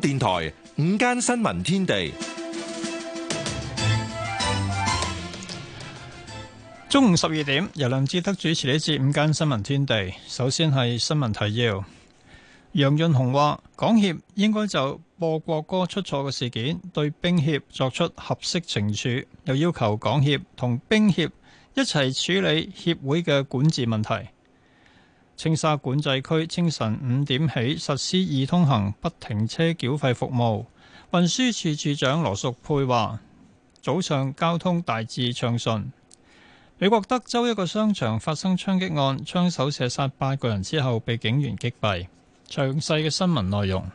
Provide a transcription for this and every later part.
電台午間新聞天地，中午十二點由梁志德主持呢一節午間新聞天地。首先係新聞提要，楊潤雄話港協應該就播國歌出錯嘅事件，對冰協作出合適懲處，又要求港協同冰協一齊處理協會嘅管治問題。青沙管制區清晨五點起實施易通行不停車繳費服務。運輸署署長羅淑佩話：早上交通大致暢順。美國德州一個商場發生槍擊案，槍手射殺八個人之後被警員擊斃。詳細嘅新聞內容。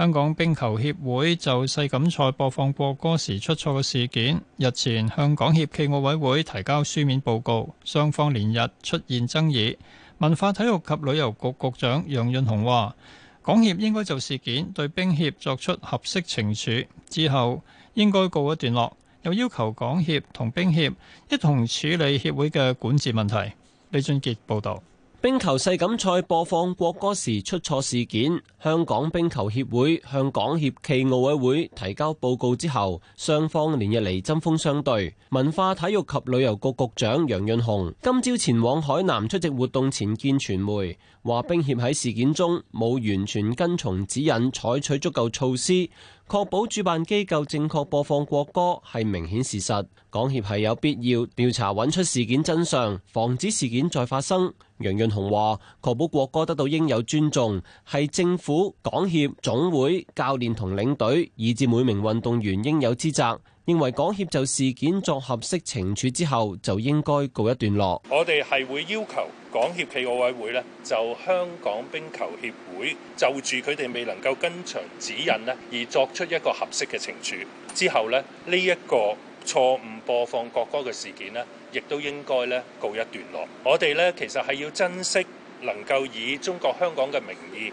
香港冰球協會就世錦賽播放國歌時出錯嘅事件，日前向港協暨奧委會提交書面報告，雙方連日出現爭議，文化體育及旅遊局局局長楊潤雄話，港協應該就事件對冰協作出合適懲處，之後應該告一段落，又要求港協同冰協一同處理協會嘅管治問題。李俊傑報道。冰球世錦賽播放國歌時出錯事件，香港冰球協會向港協暨奧委會提交報告之後，雙方連日嚟針鋒相對。文化體育及旅遊局局，局長楊潤雄今朝前往海南出席活動前見傳媒，話冰協喺事件中冇完全跟從指引，採取足夠措施。確保主辦機構正確播放國歌係明顯事實，港協係有必要調查揾出事件真相，防止事件再發生。楊潤雄話：確保國歌得到應有尊重，係政府、港協、總會、教練同領隊，以至每名運動員應有之責。認為港協就事件作合適懲處之後就應該告一段落。我哋係會要求港協暨奧委會呢，就香港冰球協會就住佢哋未能夠跟場指引呢，而作出一個合適嘅懲處之後呢，呢一個錯誤播放國歌嘅事件呢，亦都應該呢告一段落。我哋呢，其實係要珍惜能夠以中國香港嘅名義。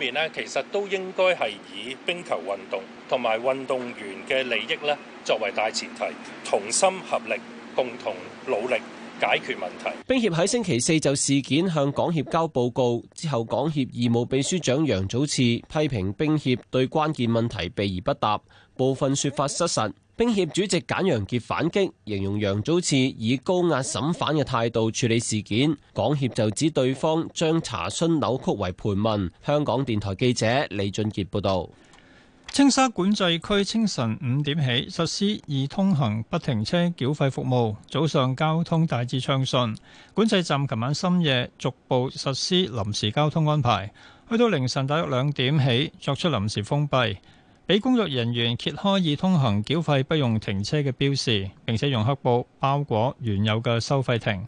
面咧，其實都應該係以冰球運動同埋運動員嘅利益呢作為大前提，同心合力，共同努力解決問題。冰協喺星期四就事件向港協交報告，之後，港協義務秘書長楊祖賜批評冰協對關鍵問題避而不答，部分說法失實。兵協主席簡陽杰反擊，形容楊祖賜以高壓審犯嘅態度處理事件。港協就指對方將查詢扭曲為盤問。香港電台記者李俊杰報道。青沙管制區清晨五點起實施易通行不停車繳費服務，早上交通大致暢順。管制站琴晚深夜逐步實施臨時交通安排，去到凌晨大約兩點起作出臨時封閉，俾工作人員揭開易通行繳費不用停車嘅標示，並且用黑布包裹原有嘅收費亭。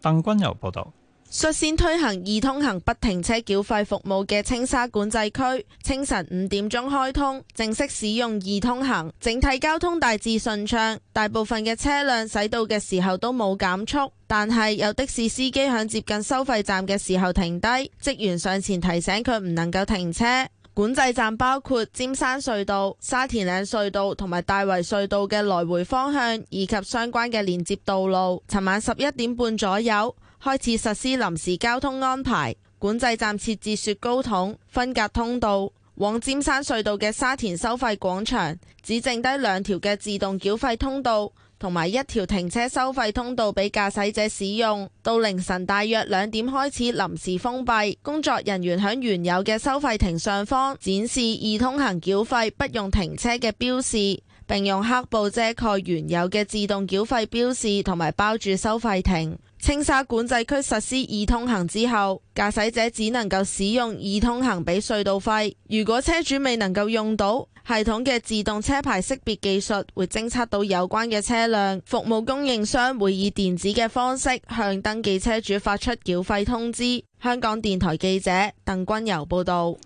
鄧君柔報導。率先推行易通行不停車繳費服務嘅青沙管制區，清晨五點鐘開通，正式使用易通行，整體交通大致順暢，大部分嘅車輛駛到嘅時候都冇減速，但係有的士司機響接近收費站嘅時候停低，職員上前提醒佢唔能夠停車。管制站包括尖山隧道、沙田嶺隧道同埋大圍隧道嘅來回方向，以及相關嘅連接道路。尋晚十一點半左右開始實施臨時交通安排，管制站設置雪糕筒分隔通道，往尖山隧道嘅沙田收費廣場只剩低兩條嘅自動繳費通道。同埋一條停車收費通道俾駕駛者使用，到凌晨大約兩點開始臨時封閉。工作人員喺原有嘅收費亭上方展示易通行繳費、不用停車嘅標示，並用黑布遮蓋原有嘅自動繳費標示，同埋包住收費亭。青沙管制區實施易通行之後，駕駛者只能夠使用易通行俾隧道費。如果車主未能夠用到，系統嘅自動車牌識別技術會偵測到有關嘅車輛。服務供應商會以電子嘅方式向登記車主發出繳費通知。香港電台記者鄧君遊報導。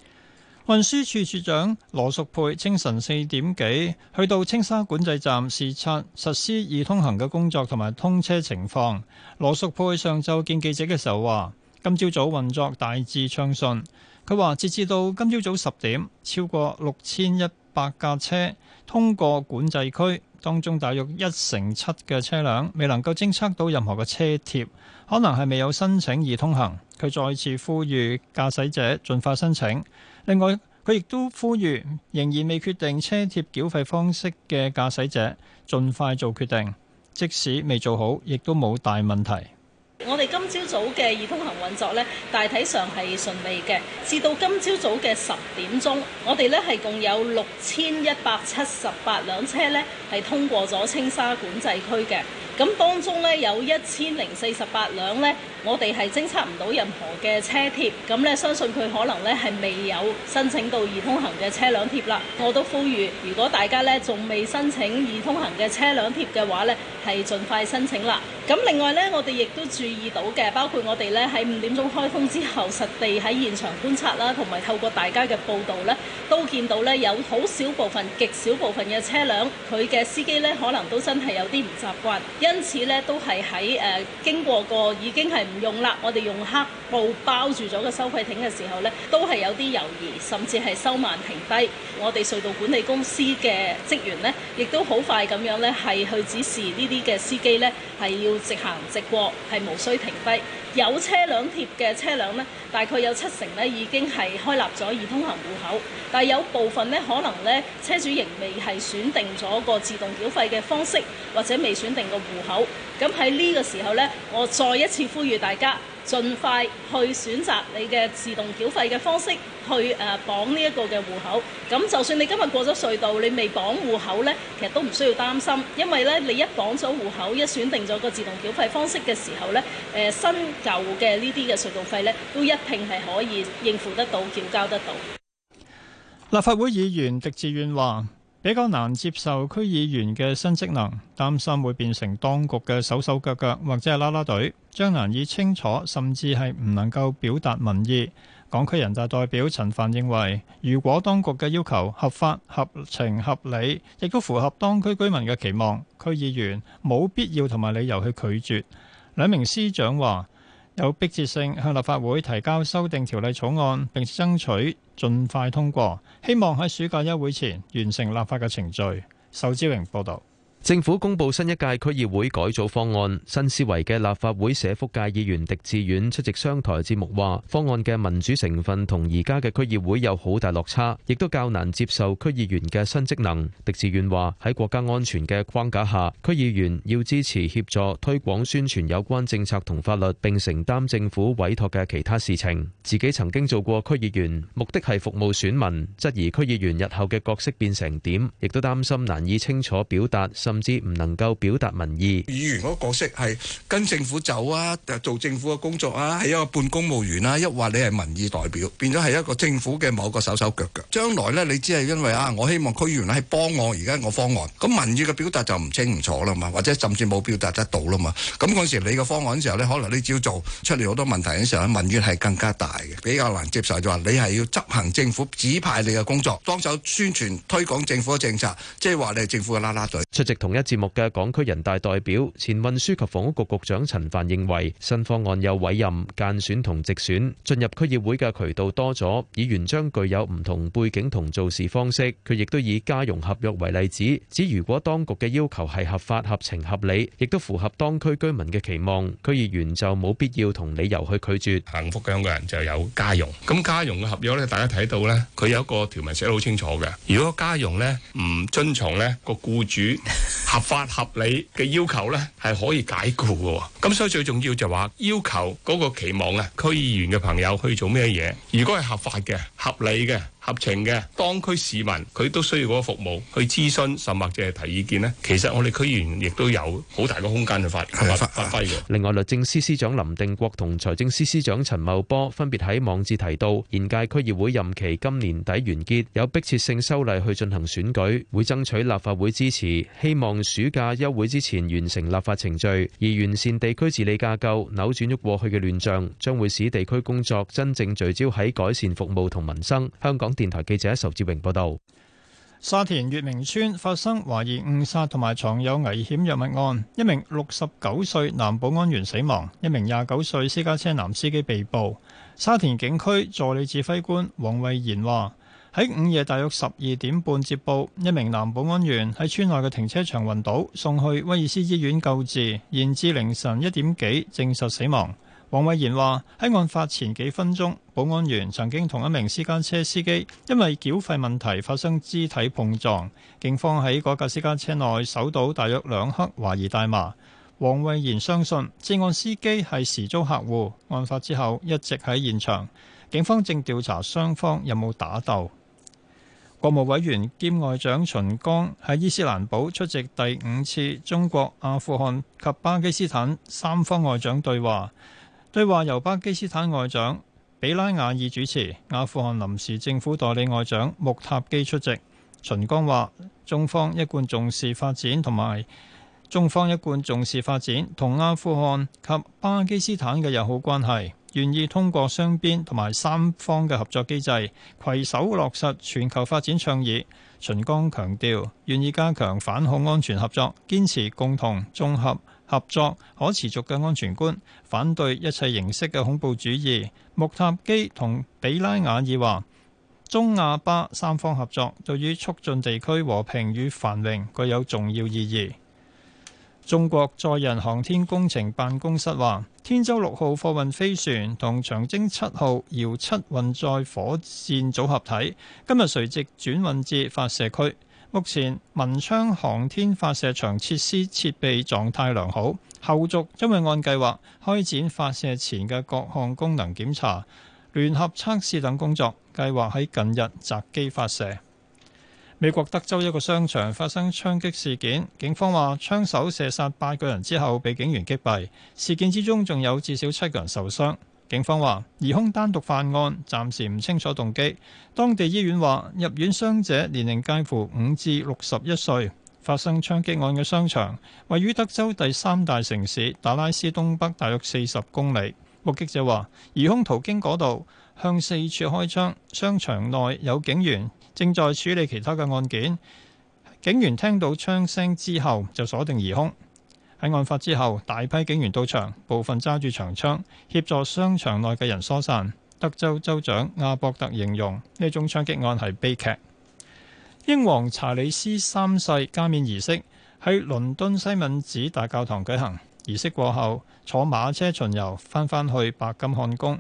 運輸署署長羅淑佩清晨四點幾去到青沙管制站視察實施易通行嘅工作同埋通車情況。羅淑佩上晝見記者嘅時候話：今朝早運作大致暢順。佢話，截至到今朝早十點，超過六千一百架車通過管制區，當中大約一成七嘅車輛未能夠偵測到任何嘅車貼，可能係未有申請易通行。佢再次呼籲駕駛者盡快申請。另外，佢亦都呼籲仍然未決定車貼繳費方式嘅駕駛者，盡快做決定。即使未做好，亦都冇大問題。我哋今朝早嘅易通行運作呢，大體上係順利嘅。至到今朝早嘅十點鐘，我哋呢係共有六千一百七十八輛車呢，係通過咗青沙管制區嘅。咁當中咧有一千零四十八輛咧，我哋係偵測唔到任何嘅車貼，咁咧相信佢可能咧係未有申請到易通行嘅車輛貼啦。我都呼籲，如果大家咧仲未申請易通行嘅車輛貼嘅話咧，係盡快申請啦。咁另外咧，我哋亦都注意到嘅，包括我哋咧喺五點鐘開通之後，實地喺現場觀察啦，同埋透過大家嘅報道咧，都見到咧有好少部分、極少部分嘅車輛，佢嘅司機咧可能都真係有啲唔習慣，因此咧都係喺誒經過過已經係唔用啦，我哋用黑。布包住咗個收費亭嘅時候呢，都係有啲猶豫，甚至係收慢停低。我哋隧道管理公司嘅職員呢，亦都好快咁樣呢，係去指示呢啲嘅司機呢，係要直行直過，係無需停低。有車輛貼嘅車輛呢，大概有七成呢已經係開立咗易通行戶口，但係有部分呢，可能呢，車主仍未係選定咗個自動繳費嘅方式，或者未選定個戶口。咁喺呢個時候呢，我再一次呼籲大家。盡快去選擇你嘅自動繳費嘅方式去誒綁呢一個嘅戶口，咁就算你今日過咗隧道，你未綁戶口咧，其實都唔需要擔心，因為咧你一綁咗戶口，一選定咗個自動繳費方式嘅時候咧，誒新舊嘅呢啲嘅隧道費咧，都一定係可以應付得到，繳交得到。立法會議員狄志遠話。比較難接受區議員嘅新職能，擔心會變成當局嘅手手腳腳或者係啦啦隊，將難以清楚甚至係唔能夠表達民意。港區人大代表陳凡認為，如果當局嘅要求合法、合情、合理，亦都符合當區居民嘅期望，區議員冇必要同埋理由去拒絕。兩名司長話。有迫切性向立法會提交修訂條例草案，並爭取盡快通過，希望喺暑假休會前完成立法嘅程序。仇志榮報導。政府公布新一屆區議會改組方案，新思維嘅立法會社福界議員狄志遠出席商台節目話，方案嘅民主成分同而家嘅區議會有好大落差，亦都較難接受區議員嘅新職能。狄志遠話喺國家安全嘅框架下，區議員要支持協助推廣宣傳有關政策同法律，並承擔政府委託嘅其他事情。自己曾經做過區議員，目的係服務選民，質疑區議員日後嘅角色變成點，亦都擔心難以清楚表達。甚至唔能夠表達民意，議員嗰個角色係跟政府走啊，做政府嘅工作啊，係一個半公務員啦，抑或你係民意代表，變咗係一個政府嘅某個手手腳腳。將來咧，你只係因為啊，我希望區議員係幫我而家個方案，咁民意嘅表達就唔清唔楚啦嘛，或者甚至冇表達得到啦嘛。咁嗰時你個方案嘅時候咧，可能你只要做出嚟好多問題嘅時候咧，民意係更加大嘅，比較難接受就話你係要執行政府指派你嘅工作，當手宣傳推廣政府嘅政策，即係話你係政府嘅啦啦隊。出席。同一節目嘅港區人大代表、前運輸及房屋局局長陳帆認為，新方案有委任、間選同直選進入區議會嘅渠道多咗，議員將具有唔同背景同做事方式。佢亦都以家傭合約為例子，指如果當局嘅要求係合法、合情、合理，亦都符合當區居民嘅期望，區議員就冇必要同理由去拒絕。幸福嘅香港人就有家傭，咁家傭嘅合約呢，大家睇到呢，佢有一個條文寫得好清楚嘅。如果家傭呢唔遵從呢個僱主，合法合理嘅要求呢，係可以解僱嘅。咁所以最重要就話，要求嗰個期望啊，區議員嘅朋友去做咩嘢？如果係合法嘅，合理嘅。合情嘅，當區市民佢都需要嗰個服務去諮詢，甚或者係提意見咧。其實我哋區議員亦都有好大嘅空間去發發揮嘅。另外，律政司司長林定國同財政司司長陳茂波分別喺網誌提到，現屆區議會任期今年底完結，有迫切性修例去進行選舉，會爭取立法會支持，希望暑假休會之前完成立法程序，而完善地區治理架構，扭轉咗過去嘅亂象，將會使地區工作真正聚焦喺改善服務同民生。香港電台記者仇志榮報道：沙田月明邨發生懷疑誤殺同埋藏有危險藥物案，一名六十九歲男保安員死亡，一名廿九歲私家車男司機被捕。沙田警區助理指揮官黃慧賢話：喺午夜大約十二點半接報，一名男保安員喺村內嘅停車場暈倒，送去威爾斯醫院救治，延至凌晨一點幾證實死亡。王慧言話：喺案發前幾分鐘，保安員曾經同一名私家車司機因為繳費問題發生肢體碰撞。警方喺嗰架私家車內搜到大約兩克懷疑大麻。王慧言相信涉案司機係時租客戶。案發之後一直喺現場。警方正調查雙方有冇打鬥。國務委員兼外長秦剛喺伊斯蘭堡出席第五次中國阿富汗及巴基斯坦三方外長對話。對話由巴基斯坦外長比拉瓦爾主持，阿富汗臨時政府代理外長穆塔基出席。秦剛話：中方一貫重視發展，同埋中方一貫重視發展同阿富汗及巴基斯坦嘅友好關係，願意通過雙邊同埋三方嘅合作機制，攜手落實全球發展倡議。秦剛強調，願意加強反恐安全合作，堅持共同綜合。合作可持續嘅安全觀，反對一切形式嘅恐怖主義。穆塔基同比拉瓦爾話：中亞巴三方合作對於促進地區和平與繁榮具有重要意義。中國載人航天工程辦公室話：天舟六號貨運飛船同長征七號遙七運載火箭組合體今日垂直轉運至發射區。目前文昌航天發射場設施設備狀態良好，後續將會按計劃開展發射前嘅各項功能檢查、聯合測試等工作，計劃喺近日擇機發射。美國德州一個商場發生槍擊事件，警方話槍手射殺八個人之後被警員擊斃，事件之中仲有至少七個人受傷。警方話疑兇單獨犯案，暫時唔清楚動機。當地醫院話入院傷者年齡介乎五至六十一歲。發生槍擊案嘅商場位於德州第三大城市達拉斯東北大約四十公里。目擊者話疑兇途經嗰度，向四處開槍。商場內有警員正在處理其他嘅案件。警員聽到槍聲之後就鎖定疑兇。喺案發之後，大批警員到場，部分揸住長槍協助商場內嘅人疏散。德州州長阿博特形容呢宗槍擊案係悲劇。英皇查理斯三世加冕儀式喺倫敦西敏寺大教堂舉行，儀式過後坐馬車巡遊，返返去白金漢宮。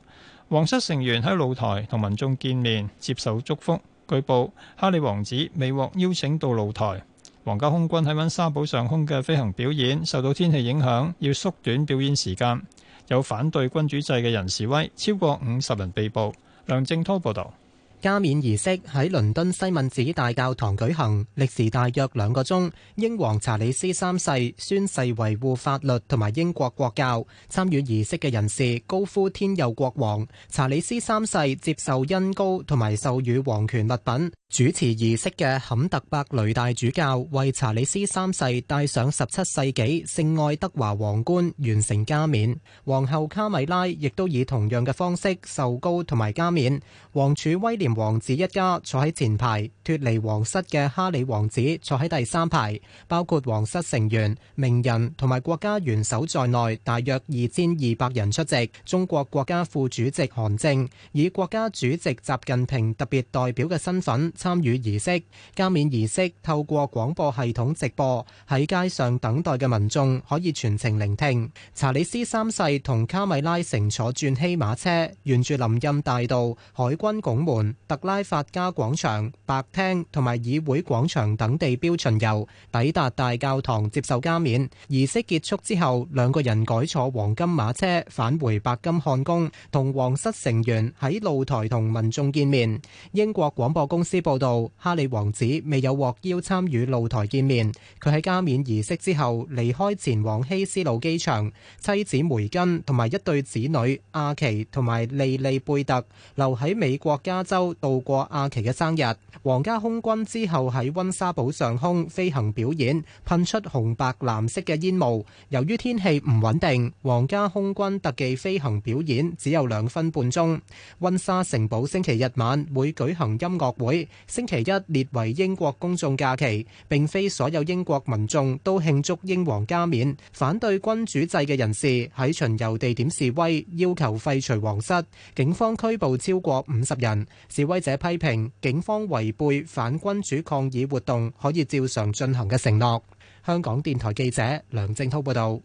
皇室成員喺露台同民眾見面，接受祝福。據報，哈利王子未獲邀請到露台。皇家空軍喺溫莎堡上空嘅飛行表演受到天氣影響，要縮短表演時間，有反對君主制嘅人示威，超過五十人被捕。梁正濤報道。加冕儀式喺倫敦西敏寺大教堂舉行，歷時大約兩個鐘，英皇查理斯三世宣誓維護法律同埋英國國教。參與儀式嘅人士高呼天佑國王查理斯三世，接受恩膏同埋授予皇權物品。主持儀式嘅坎特伯雷大主教為查理斯三世戴上十七世紀聖愛德華皇冠，完成加冕。皇后卡米拉亦都以同樣嘅方式受膏同埋加冕。皇儲威廉王子一家坐喺前排，脫離皇室嘅哈里王子坐喺第三排。包括皇室成員、名人同埋國家元首在內，大約二千二百人出席。中國國家副主席韓正以國家主席習近平特別代表嘅身份，參與儀式。加冕儀式透過廣播系統直播，喺街上等待嘅民眾可以全程聆聽。查理斯三世同卡米拉乘坐鑽禧馬車，沿住林蔭大道、海軍拱門、特拉法加廣場、白廳同埋議會廣場等地標巡遊，抵達大教堂接受加冕。儀式結束之後，兩個人改坐黃金馬車返回白金漢宮，同皇室成員喺露台同民眾見面。英國廣播公司。報道：哈利王子未有獲邀參與露台見面。佢喺加冕儀式之後離開前往希斯路機場，妻子梅根同埋一對子女阿奇同埋莉莉貝特留喺美國加州度過阿奇嘅生日。皇家空軍之後喺溫莎堡上空飛行表演，噴出紅白藍色嘅煙霧。由於天氣唔穩定，皇家空軍特技飛行表演只有兩分半鐘。溫莎城堡星期日晚會舉行音樂會。星期一列為英國公眾假期，並非所有英國民眾都慶祝英皇加冕。反對君主制嘅人士喺巡遊地點示威，要求廢除皇室。警方拘捕超過五十人。示威者批評警方違背反君主抗議活動可以照常進行嘅承諾。香港電台記者梁正滔報導。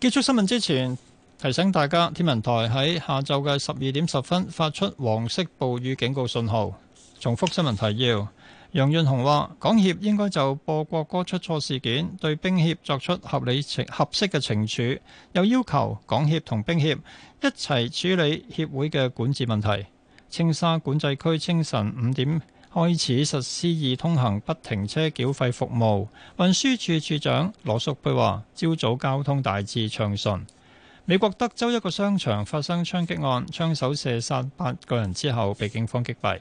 結束新聞之前，提醒大家天文台喺下晝嘅十二點十分發出黃色暴雨警告信號。重複新聞提要。楊潤雄話：港協應該就播國歌出錯事件對冰協作出合理、合適嘅懲處，又要求港協同冰協一齊處理協會嘅管治問題。青沙管制區清晨五點開始實施易通行不停車繳費服務。運輸署署長羅淑佩話：朝早交通大致暢順。美國德州一個商場發生槍擊案，槍手射殺八個人之後被警方擊斃。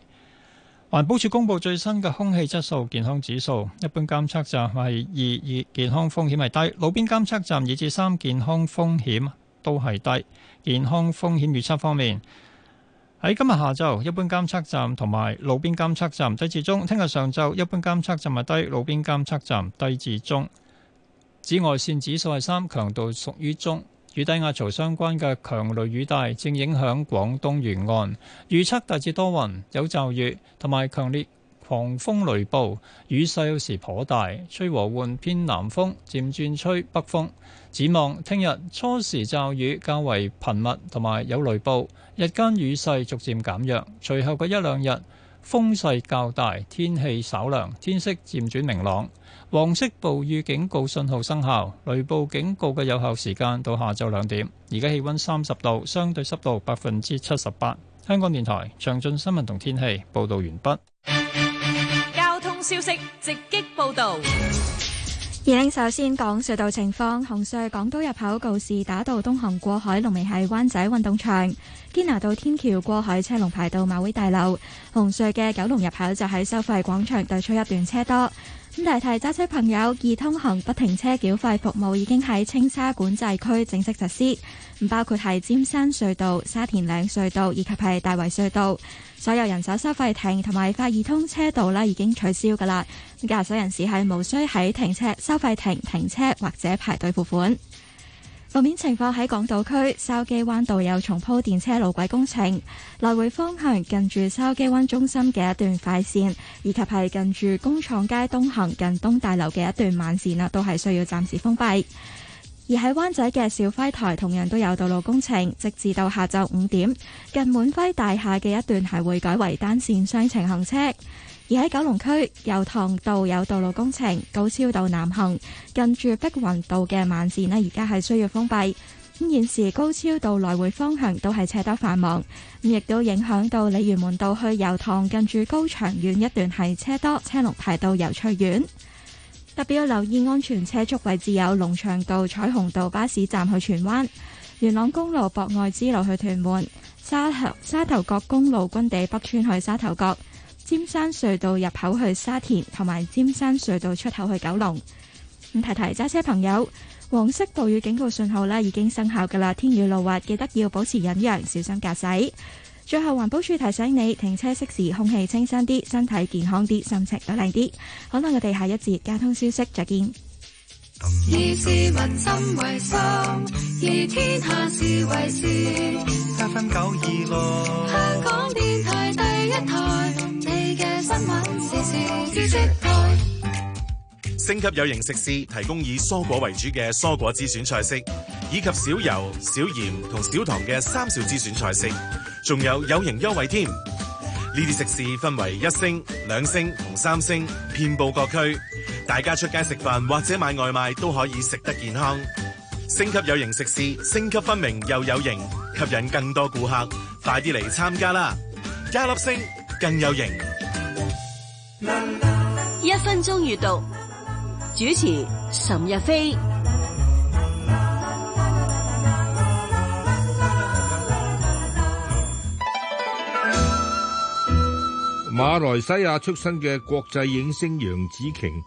環保署公布最新嘅空氣質素健康指數，一般監測站係二二，健康風險係低；路邊監測站二至三，健康風險都係低。健康風險預測方面，喺今日下晝，一般監測站同埋路邊監測站低至中；聽日上晝，一般監測站係低，路邊監測站低至中。紫外線指數係三，強度屬於中。與低壓槽相關嘅強雷雨帶正影響廣東沿岸，預測大致多雲，有驟雨同埋強烈狂風雷暴，雨勢有時頗大，吹和緩偏南風，漸轉吹北風。展望聽日初時驟雨較為頻密，同埋有雷暴，日間雨勢逐漸減,減弱，隨後嘅一兩日。風勢較大，天氣稍涼，天色漸轉明朗。黃色暴雨警告信號生效，雷暴警告嘅有效時間到下晝兩點。而家氣溫三十度，相對濕度百分之七十八。香港電台詳盡新聞同天氣報道完畢。交通消息直擊報道。二零首先講隧道情況，紅隧港島入口告示打到東行過海，龍尾喺灣仔運動場。堅拿道天橋過海車龍排到馬會大樓，紅隧嘅九龍入口就喺收費廣場對出一段車多。咁提提揸車朋友，二通行不停車繳費服務已經喺青沙管制區正式實施，咁包括係尖山隧道、沙田嶺隧道以及係大圍隧道，所有人手收費亭同埋快二通車道咧已經取消噶啦，駕駛人士係無需喺停車收費亭停車或者排隊付款。路面情況，喺港島區筲箕灣道有重鋪電車路軌工程，來回方向近住筲箕灣中心嘅一段快線，以及係近住工廠街東行近東大樓嘅一段慢線啦，都係需要暫時封閉。而喺灣仔嘅肇輝臺同樣都有道路工程，直至到下晝五點，近滿輝大廈嘅一段係會改為單線雙程行車。而喺九龍區油塘道有道路工程，高超道南行近住碧雲道嘅慢線咧，而家係需要封閉。咁現時高超道來回方向都係車多繁忙，咁亦都影響到鯉魚門道去油塘近住高翔苑一段係車多，車龍排到油翠苑，特別要留意安全車速位置有龍翔道、彩虹道巴士站去荃灣、元朗公路博愛支路去屯門、沙頭沙頭角公路軍地北村去沙頭角。尖山隧道入口去沙田，同埋尖山隧道出口去九龍。咁，提提揸車朋友，黃色暴雨警告信號啦，已經生效噶啦，天雨路滑，記得要保持忍讓，小心駕駛。最後環保署提醒你，停車熄匙，空氣清新啲，身體健康啲，心情都靚啲。好啦，我哋下一節交通消息再見。以市民心為心，以天下事為事。得分九二六，香港電台第一台。星級有型食肆提供以蔬果為主嘅蔬果之選菜式，以及少油、少鹽同少糖嘅三少之選菜式，仲有有型優惠添。呢啲食肆分為一星、兩星同三星，遍佈各區，大家出街食飯或者買外賣都可以食得健康。星級有型食肆，升級分明又有型，吸引更多顧客，快啲嚟參加啦！一粒星更有型。分鐘閱讀，主持岑日飛，馬來西亞出身嘅國際影星楊紫瓊。